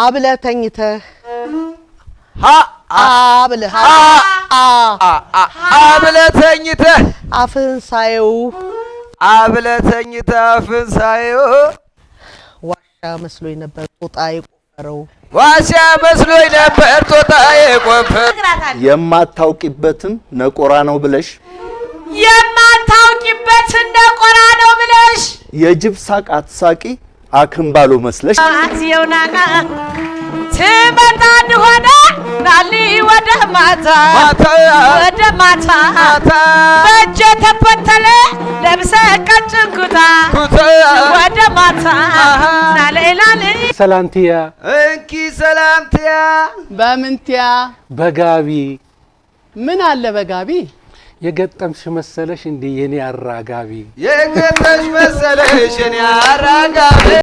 አብለ ተኝተህ አብለ አብለ ተኝተህ አፍህን ሳየው አብለ ተኝተህ አፍህን ሳየው ዋሻ መስሎኝ ነበር ጦጣ የቆፈረው ዋሻ መስሎኝ ነበር ጦጣ የቆፈረው። የማታውቂበትን ነቆራ ነው ብለሽ የማታውቂበትን ነቆራ ነው ብለሽ የጅብ ሳቅ አትሳቂ አክምባሎ መስለሽ አሲዮናና ትመጣ እንደሆነ ናሊ ወደ ማታ ወደ ማታ ተፈተለ ለብሰ ቀጭን ኩታ ወደ ማታ ናሌላል እንኪ በጋቢ ምን አለ በጋቢ የገጠምሽ መሰለሽ እንዴ የኔ አራጋቢ የገጠምሽ መሰለሽ የኔ አራጋቢ